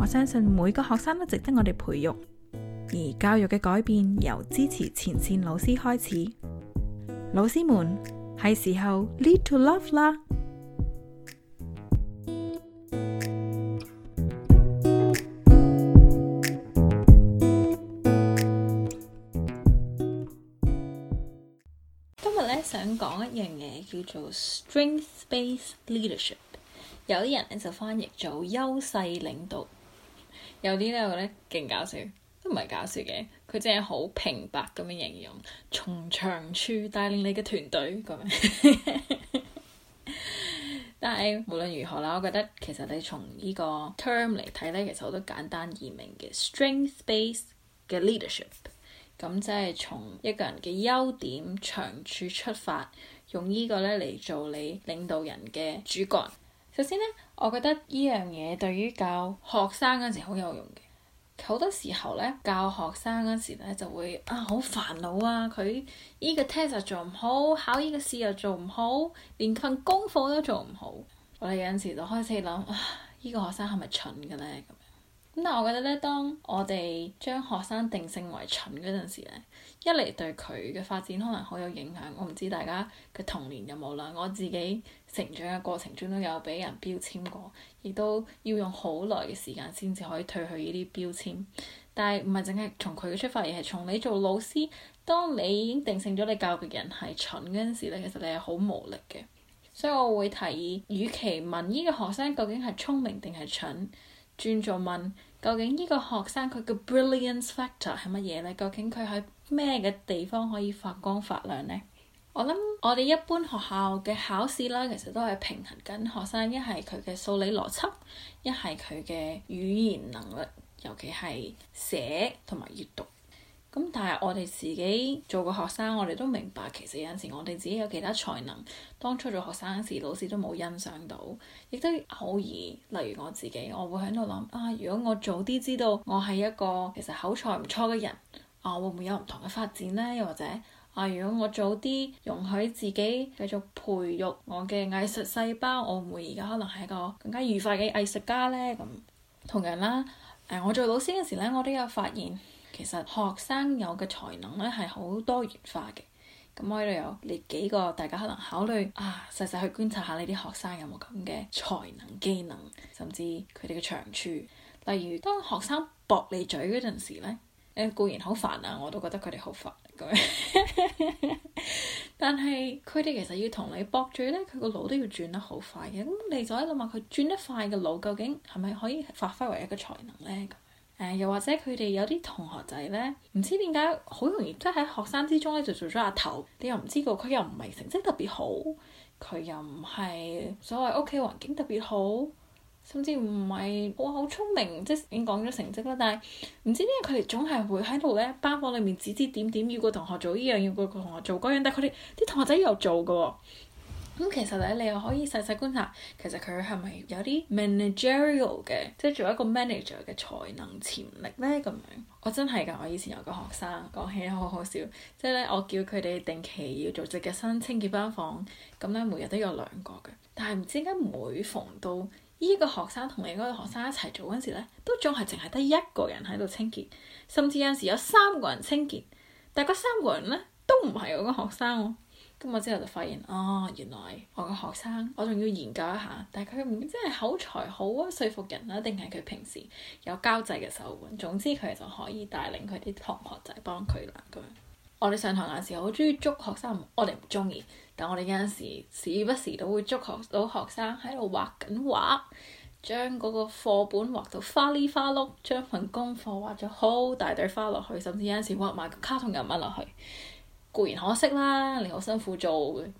我相信每個學生都值得我哋培育，而教育嘅改變由支持前綫老師開始。老師們係時候 lead to love 啦。今日咧想講一樣嘢叫做 strength-based leadership，有啲人咧就翻譯做優勢領導。有啲呢，我覺得勁搞笑，都唔係搞笑嘅，佢真係好平白咁樣形容，從長處帶領你嘅團隊咁樣。 但係無論如何啦，我覺得其實你從呢個 term 嚟睇呢，其實好多簡單易明嘅 strength-based 嘅 leadership。咁即係從一個人嘅優點長處出發，用呢個呢嚟做你領導人嘅主幹。首先呢。我覺得呢樣嘢對於教學生嗰時好有用嘅，好多時候咧教學生嗰時咧就會啊好煩惱啊，佢呢個 test 又做唔好，考呢個試又做唔好，連份功課都做唔好，我哋有陣時就開始諗，啊，呢個學生係咪蠢嘅咧？但我覺得咧，當我哋將學生定性為蠢嗰陣時咧，一嚟對佢嘅發展可能好有影響。我唔知大家嘅童年有冇啦，我自己成長嘅過程中都有俾人標籤過，亦都要用好耐嘅時間先至可以褪去呢啲標籤。但係唔係淨係從佢嘅出發，而係從你做老師，當你已經定性咗你教別人係蠢嗰陣時咧，其實你係好無力嘅。所以，我會提議，與其問呢個學生究竟係聰明定係蠢，轉做問。究竟呢個學生佢嘅 brilliance factor 係乜嘢呢？究竟佢喺咩嘅地方可以發光發亮呢？我諗我哋一般學校嘅考試啦，其實都係平衡緊學生一係佢嘅數理邏輯，一係佢嘅語言能力，尤其係寫同埋閱讀。咁但係我哋自己做個學生，我哋都明白，其實有陣時我哋自己有其他才能。當初做學生嗰時，老師都冇欣賞到，亦都偶爾。例如我自己，我會喺度諗啊，如果我早啲知道我係一個其實口才唔錯嘅人，啊會唔會有唔同嘅發展呢？」又或者啊，如果我早啲容許自己繼續培育我嘅藝術細胞，我會而家可能係一個更加愉快嘅藝術家呢？」咁同樣啦，誒、啊、我做老師嘅時咧，我都有發現。其實學生有嘅才能咧係好多元化嘅，咁我度有列幾個，大家可能考慮啊，細細去觀察下呢啲學生有冇咁嘅才能、技能，甚至佢哋嘅長處。例如當學生駁你嘴嗰陣時咧，誒固然好煩啊，我都覺得佢哋好煩咁樣， 但係佢哋其實要同你駁嘴咧，佢個腦都要轉得好快嘅。咁你就可以諗下，佢轉得快嘅腦究竟係咪可以發揮為一個才能咧？誒、呃，又或者佢哋有啲同學仔咧，唔知點解好容易，即喺學生之中咧就做咗阿頭。你又唔知道佢又唔係成績特別好，佢又唔係所謂屋企環境特別好，甚至唔係我好聰明，即係已經講咗成績啦。但係唔知點解佢哋總係會喺度咧，班房裏面指指點點，要個同學做依樣，要個同學做嗰樣，但係佢哋啲同學仔又做嘅喎。咁其實咧，你又可以細細觀察，其實佢係咪有啲 managerial 嘅，即係做一個 manager 嘅才能潛力呢？咁樣我真係㗎，我以前有個學生，講起咧好好笑。即係咧，我叫佢哋定期要做織嘅新清潔班房，咁咧每日都有兩個嘅。但係唔知點解每逢到依個學生同另外一個學生一齊做嗰陣時咧，都仲係淨係得一個人喺度清潔，甚至有陣時有三個人清潔，但係嗰三個人咧都唔係我個學生喎、哦。咁我之後就發現，哦，原來我個學生，我仲要研究一下，但係佢唔知係口才好啊，說服人啊，定係佢平時有交際嘅手腕。總之佢就可以帶領佢啲同學仔幫佢啦咁樣。我哋上堂嗰時好中意捉學生，我哋唔中意，但我哋有陣時時不時都會捉學到學生喺度畫緊畫，將嗰個課本畫到花里花碌，將份功課畫咗好大堆花落去，甚至有陣時畫埋個卡通人物落去。固然可惜啦，你好辛苦做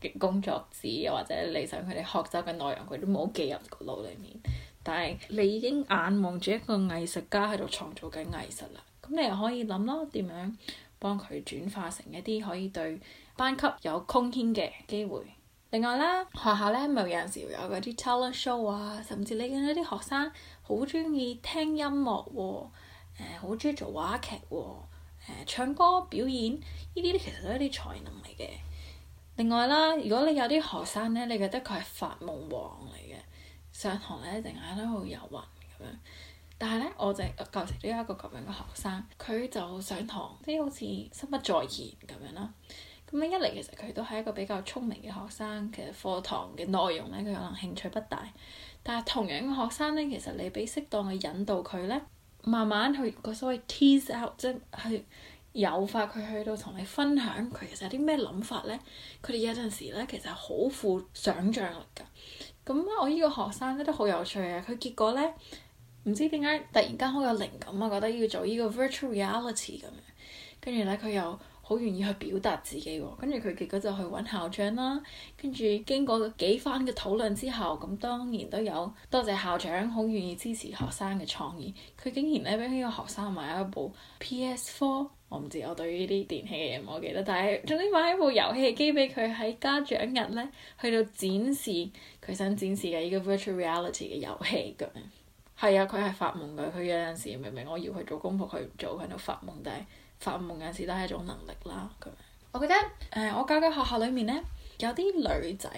嘅工作紙，又或者你想佢哋學習嘅內容佢都冇記入個腦裏面。但係你已經眼望住一個藝術家喺度創造緊藝術啦，咁你又可以諗咯點樣幫佢轉化成一啲可以對班級有空間嘅機會。另外啦，學校咧咪有陣時會有嗰啲 talent show 啊，甚至你見到啲學生好中意聽音樂、啊，誒、嗯，好中意做話劇、啊。唱歌表演呢啲其實都係一啲才能嚟嘅。另外啦，如果你有啲學生呢，你覺得佢係發夢王嚟嘅，上堂咧淨係喺好遊魂咁樣。但係呢，我就舊時都有一個咁樣嘅學生，佢就上堂啲、即係、好似心不在焉咁樣啦。咁樣一嚟，其實佢都係一個比較聰明嘅學生，其實課堂嘅內容呢，佢可能興趣不大。但係同樣嘅學生呢，其實你俾適當嘅引導佢呢。慢慢去個所謂 tease out，即係去誘發佢去到同你分享佢其實有啲咩諗法咧。佢哋有陣時咧其實好富想像力㗎。咁我呢個學生咧都好有趣嘅，佢結果咧唔知點解突然間好有靈感啊，覺得要做個呢個 virtual reality 咁樣，跟住咧佢又。好願意去表達自己喎。哦，跟住佢結果就去揾校長啦，跟住經過幾番嘅討論之後，咁當然都有多謝校長好願意支持學生嘅創意，佢竟然咧俾呢個學生買一部 PS4，我唔知我對於呢啲電器嘅嘢我記得，但係總之買一部遊戲機俾佢喺家長日咧去到展示佢想展示嘅呢個 virtual reality 嘅遊戲嘅，係啊，佢係發夢嘅，佢有陣時明明我要做去做功課佢做，喺度發夢，但係。發夢嘅事都係一種能力啦。咁我覺得誒、呃，我教嘅學校裏面咧，有啲女仔，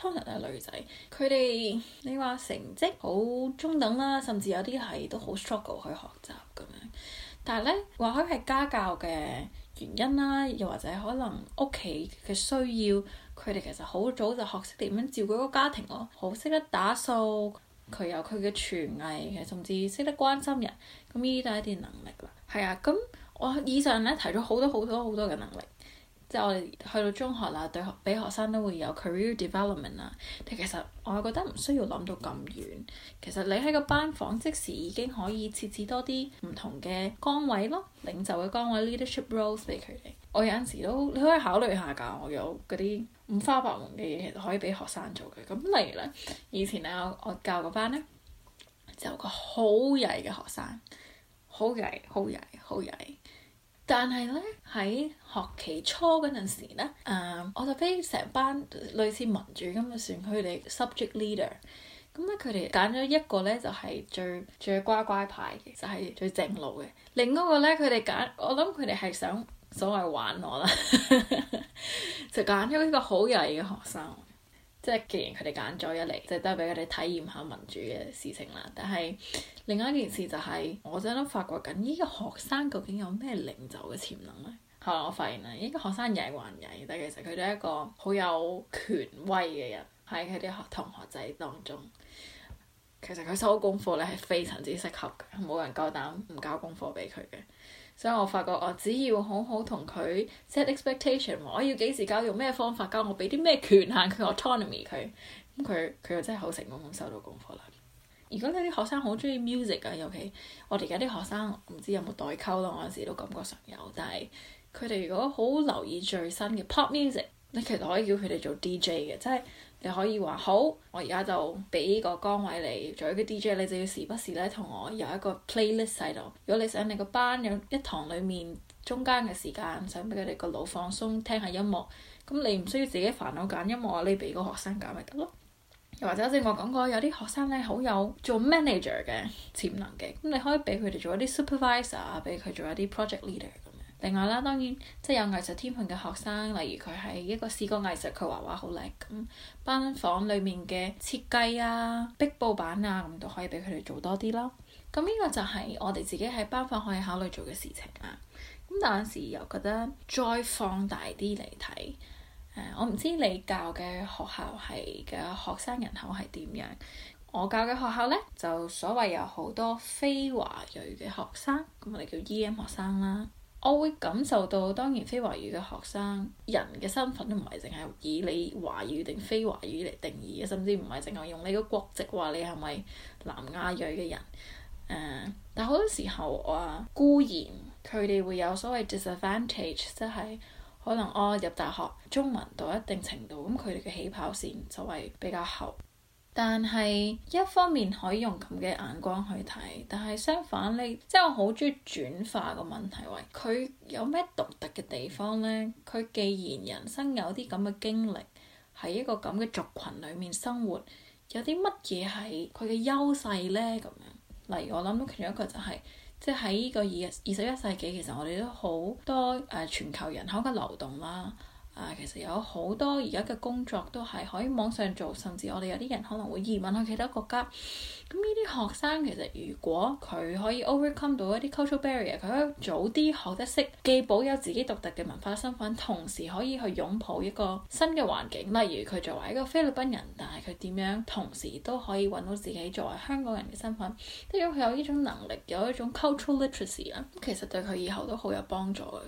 通常都係女仔，佢哋你話成績好中等啦，甚至有啲係都好 struggle 去學習咁樣。但係咧，或許係家教嘅原因啦，又或者可能屋企嘅需要，佢哋其實好早就學識點樣照顧個家庭咯，好識得打掃，佢有佢嘅廚藝嘅，甚至識得關心人。咁呢啲都係一啲能力啦。係啊，咁、嗯。我以上咧提咗好多好多好多嘅能力，即係我哋去到中學啦，對學俾學生都會有 career development 啦。但其實我覺得唔需要諗到咁遠。其實你喺個班房即時已經可以設置多啲唔同嘅崗位咯，領袖嘅崗位 leadership roles 俾佢哋。我有陣時都你可以考慮下㗎，我有嗰啲五花八門嘅嘢，其實可以俾學生做嘅。咁例如咧，以前啊，我教班個班咧就有個好曳嘅學生，好曳，好曳，好曳。但係咧喺學期初嗰陣時咧，誒、嗯、我就非成班類似民主咁嘅選佢哋 subject leader，咁咧佢哋揀咗一個咧就係、是、最最乖乖派嘅，就係、是、最正路嘅。另一個咧佢哋揀，我諗佢哋係想，想所謂玩我啦， 就揀咗一個好曳嘅學生。即係既然佢哋揀咗一嚟，即係都係俾佢哋體驗下民主嘅事情啦。但係另一件事就係，我真係都發覺緊呢個學生究竟有咩領袖嘅潛能咧？後來，我發現啦，呢個學生曳還曳，但其實佢都係一個好有權威嘅人喺佢啲同學仔當中。其實佢收功課咧係非常之適合嘅，冇人夠膽唔交功課俾佢嘅。所以我發覺我只要好好同佢 set expectation，我要幾時教，用咩方法教，我俾啲咩權限佢 autonomy 佢，咁佢佢又真係好成功咁收到功課啦。如果你啲學生好中意 music 啊，尤其我哋而家啲學生唔知有冇代溝咯，我陣時都感覺上有，但係佢哋如果好留意最新嘅 pop music，你其實可以叫佢哋做 DJ 嘅，即係。你可以話好，我而家就俾個崗位你，做一個 DJ，你就要時不時咧同我有一個 playlist 喺度。如果你想你個班有一堂裡面中間嘅時間，想俾佢哋個腦放鬆，聽下音樂，咁你唔需要自己煩惱揀音樂，你俾個學生揀咪得咯。又或者好似我講過，有啲學生咧好有做 manager 嘅潛能嘅，咁你可以俾佢哋做一啲 supervisor，俾佢做一啲 project leader。另外啦，當然即係有藝術天分嘅學生，例如佢係一個視覺藝術，佢畫畫好叻咁。班房裡面嘅設計啊、壁布板啊，咁都可以俾佢哋做多啲咯。咁呢個就係我哋自己喺班房可以考慮做嘅事情啊。咁但陣時又覺得再放大啲嚟睇，誒、呃，我唔知你教嘅學校係嘅學生人口係點樣。我教嘅學校咧就所謂有好多非華裔嘅學生，咁我哋叫 E.M. 學生啦。我會感受到，當然非華語嘅學生，人嘅身份都唔係淨係以你華語定非華語嚟定義嘅，甚至唔係淨係用你個國籍話你係咪南亞裔嘅人。誒、uh，但好多時候我啊，固然佢哋會有所謂 disadvantage，即係可能我入大學中文到一定程度，咁佢哋嘅起跑線就係比較後。但係一方面可以用咁嘅眼光去睇，但係相反你即係我好中意轉化個問題，喂，佢有咩獨特嘅地方咧？佢既然人生有啲咁嘅經歷，喺一個咁嘅族群裏面生活，有啲乜嘢係佢嘅優勢咧？咁樣，例如我諗到其中一個就係，即係喺呢個二二十一世紀，其實我哋都好多誒、呃、全球人口嘅流動啦。啊，其實有好多而家嘅工作都係可以網上做，甚至我哋有啲人可能會移民去其他國家。咁呢啲學生其實，如果佢可以 overcome 到一啲 cultural barrier，佢可以早啲學得識，既保有自己獨特嘅文化身份，同時可以去擁抱一個新嘅環境。例如佢作為一個菲律賓人，但係佢點樣同時都可以揾到自己作為香港人嘅身份，即係佢有呢種能力，有一種 cultural literacy 啊、嗯。其實對佢以後都好有幫助嘅。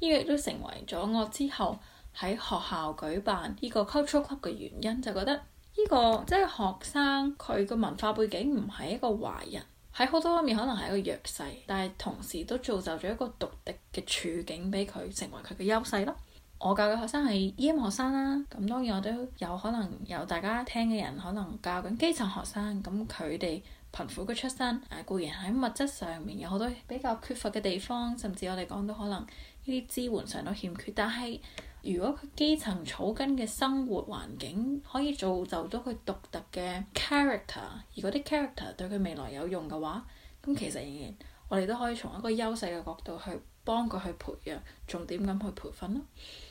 呢個亦都成為咗我之後喺學校舉辦呢個 culture club 嘅原因，就覺得呢、這個即係、就是、學生佢個文化背景唔係一個華人，喺好多方面可能係一個弱勢，但係同時都造就咗一個獨特嘅處境俾佢，成為佢嘅優勢咯。我教嘅學生係 E.M. 學生啦，咁當然我都有可能有大家聽嘅人可能教緊基層學生，咁佢哋貧富嘅出身誒固然喺物質上面有好多比較缺乏嘅地方，甚至我哋講到可能呢啲支援上都欠缺，但係，如果佢基層草根嘅生活環境可以造就到佢獨特嘅 character，如果啲 character 對佢未來有用嘅話，咁其實仍然我哋都可以從一個優勢嘅角度去幫佢去培養，重點咁去培訓咯。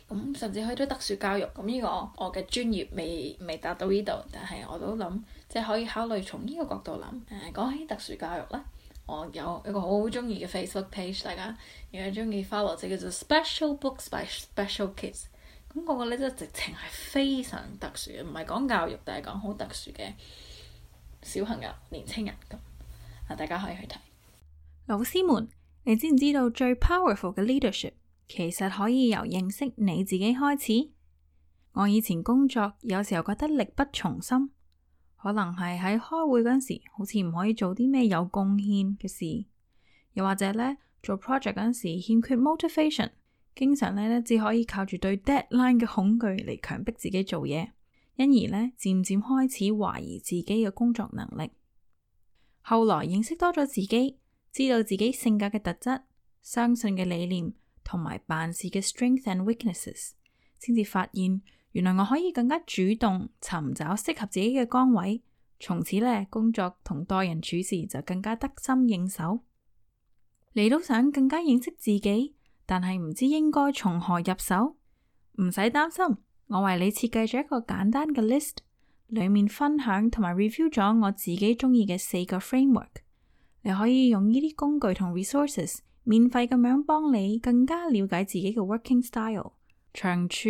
咁甚至去到特殊教育，咁呢個我嘅專業未未達到呢度，但係我都諗即係可以考慮從呢個角度諗。誒，講起特殊教育啦。我有一個好鍾意嘅 Facebook page，大家有鍾意 follow 即叫做 Special Books by Special Kids。咁嗰個咧真係直情係非常特殊嘅，唔係講教育，但係講好特殊嘅小朋友、年輕人咁。啊，大家可以去睇。老師們，你知唔知道最 powerful 嘅 leadership 其實可以由認識你自己開始？我以前工作有時候覺得力不從心。可能係喺開會嗰時，好似唔可以做啲咩有貢獻嘅事，又或者呢做 project 嗰時欠缺 motivation，經常呢只可以靠住對 deadline 嘅恐懼嚟強迫自己做嘢，因而呢漸漸開始懷疑自己嘅工作能力。後來認識多咗自己，知道自己性格嘅特質、相信嘅理念同埋辦事嘅 strength and weaknesses，先至發現。原來我可以更加主動尋找適合自己嘅崗位，從此咧工作同待人處事就更加得心應手。你都想更加認識自己，但係唔知應該從何入手？唔使擔心，我為你設計咗一個簡單嘅 list，裏面分享同埋 review 咗我自己中意嘅四個 framework。你可以用呢啲工具同 resources，免費咁樣幫你更加了解自己嘅 working style 長處。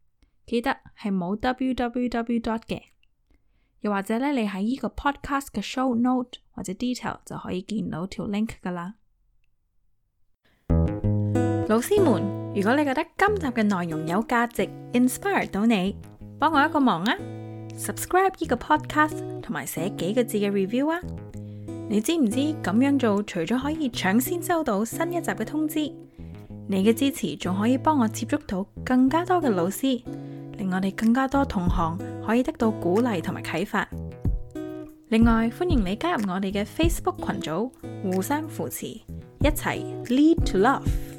記得係冇 www. 嘅，又或者咧，你喺呢個 podcast 嘅 show note 或者 detail 就可以見到條 link 㗎喇。老師們，如果你覺得今集嘅內容有價值，inspire 到你，幫我一個忙啊，subscribe 呢個 podcast 同埋寫幾個字嘅 review 啊。你知唔知咁樣做除咗可以搶先收到新一集嘅通知，你嘅支持仲可以幫我接觸到更加多嘅老師。我哋更加多同行可以得到鼓勵同埋啟發。另外，歡迎你加入我哋嘅 Facebook 群組，互相扶持，一齊 Lead to Love。